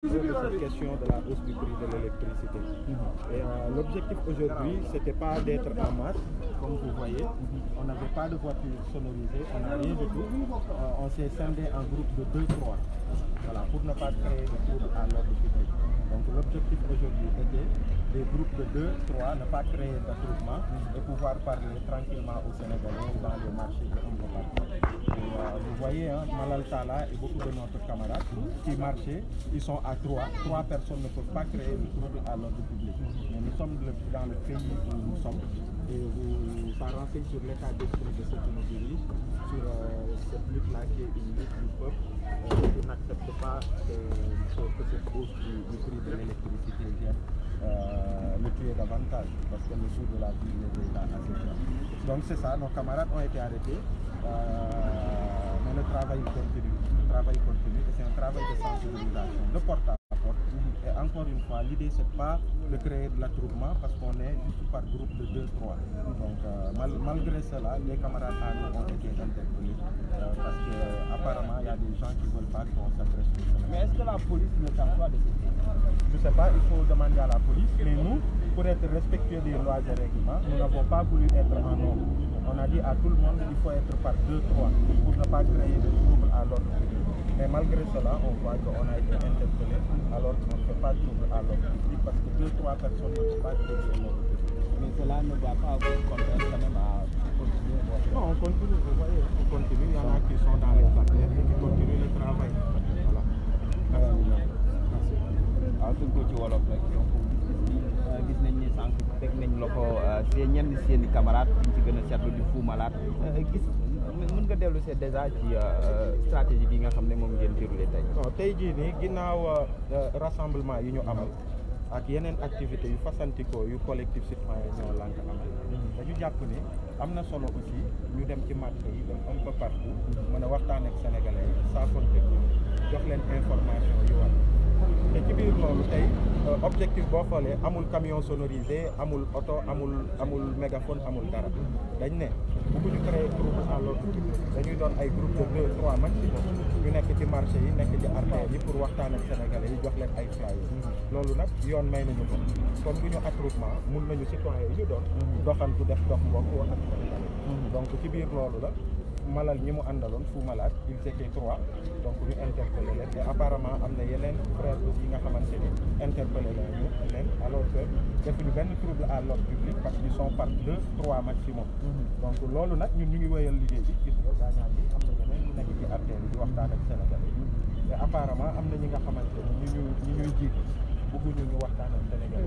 cette question de la hausse du prix de l'électricité. Mhm. Et euh, l'objectif aujourd'hui, c'était pas d'être en masse, comme vous voyez. On n'avait pas de voiture sonorisée, on n'a rien du tout. Euh, on s'est scindé en groupe de 2-3, pour ne pas créer de troubles à l'ordre public. Donc l'objectif aujourd'hui était des groupes de 2, 3, ne pas créer d'attroupement et pouvoir parler tranquillement aux Sénégalais dans les marchés de vous voyez, hein, Malal Tala et beaucoup de nos camarades qui marchaient, ils sont à trois. Trois personnes ne peuvent pas créer le trouble à l'ordre public. Mais nous sommes dans le pays où nous sommes et vous parlez sur l'état d'esprit de ce qui nous sur euh, cette lutte-là qui est une lutte du peuple euh, n'accepte pas euh, que cette cause du, prix de l'électricité vienne le tuer davantage parce que le jour de la vie est là assez cher. Donc c'est ça, nos camarades ont été arrêtés le travail continue. Le travail continue et c'est un travail de sensibilisation, Le porte à porte. Et encore une fois, l'idée, c'est pas de créer de l'attroupement parce qu'on est tout par groupe de 2-3. Donc, euh, malgré cela, les camarades ont été interpellés euh, parce qu'apparemment, il y a des gens qui ne veulent pas qu'on s'adresse Mais est-ce que la police ne pas de Je ne sais pas, il faut demander à la police. Mais nous, pour être respectueux des lois et règlements, nous n'avons pas voulu être en nombre. On a dit à tout le monde qu'il faut être par deux, trois pour ne pas créer de troubles à l'ordre public. Mais malgré cela, on voit qu'on a été interpellé alors qu'on ne fait pas de troubles à l'ordre parce que deux, trois personnes ne peuvent pas créer de l'ordre Mais cela ne va pas avoir problème. la ko seen euh, ñenn seen i camarades ñu ci gën a seetlu di Fou Malade euh, gis mën nga dellu see déjà ci euh, stratégie bi nga xam ne moom ngeen déroulé tey. non tey jii nii ginnaaw rassemblement yi ñu amal ak yeneen activités yu fasantikoo yu collectif citoyen ñoo lànk amal mm-hmm. dañu jàpp ni am na solo aussi ñu dem ci marché yi dem un peu partout mm-hmm. mën a waxtaan ak sénégalais yi saa fonte jox leen information yu war te ci biir loolu tey. Euh, objectif boo xoolee amul camion sonorisé amul auto amul amul mégaphone amul dara dañ ne bëgguñu créé groupe à l'autre dañuy don ay groupe de deux trois maximum ñu nekk ci marché yi nekk ci artères yi pour waxtaan ak sénégalais yi jox leen ay flyers loolu nag yoon may nañu ko comme du ñu attroupement mun nañu citoyen yi ñu doon mm-hmm. doxantu def dox mbokk ak sénégalais mm-hmm. donc ci biir lolu la malal ñi mu àndaloon fu malade ils étaient trois donc ñu interpellé te apparemment am na yeneen frères yi nga xamante ni interpellé leen ñu leen alors que defuñu benn trouble à l'ordre public parce qu'ils sont par deux trois maximum mhm. donc loolu nag ñun ñu ngi wéyal liggéey bi gis nga am na ñu nekk waxtaan ak Sénégal yi te am na ñi nga xamante ni ñu ñuy jiitu bëggu ñu ñu waxtaan ak Sénégal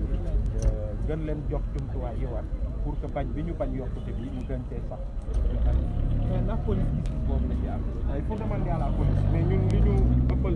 gën leen jox jumtuwaay yiwaat pour que bañ bi ñu bañ yokkute bi ñu gën cee sax ndax police gis boobu la ci am ay fondamental la police mais ñun li ñu ëppal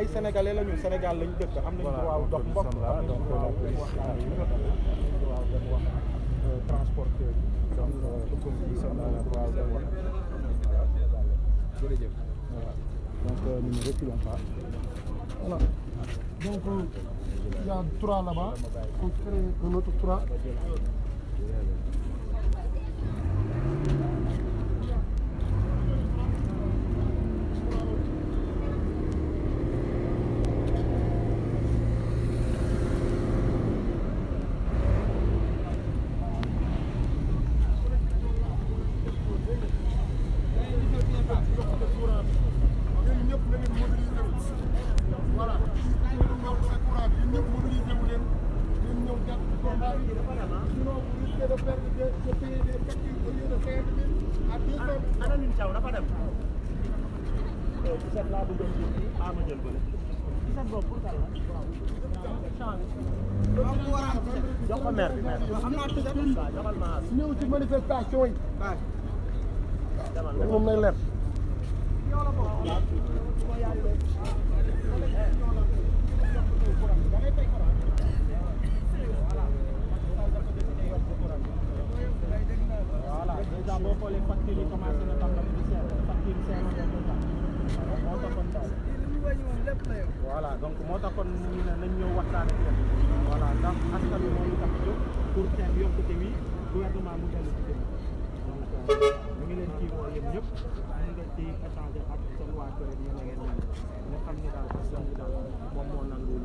ay sénégalais la ñu Sénégal lañ dëkk am nañ droit dox mbokk am nañ droit euh, waxtaan yi am nañ droit dem wax transporteur yi donc commission am na droit dem wax jërëjëf voilà donc euh, nous ne reculons pas voilà donc euh, il y a trois là-bas on crée un autre trois ñëw ci manifestation yi moom lay leer voilà déjà boo xoolee donc moo taxoon ñu nañ ñëw waxtaan ak yéen voilà ndax askan wi moo ñu tax jóg pour xeex yokkute wi gouvernement mu dellu ci jëm donc ñu ngi leen ciy woo yéen ñëpp ngi daal moom moo nanguwul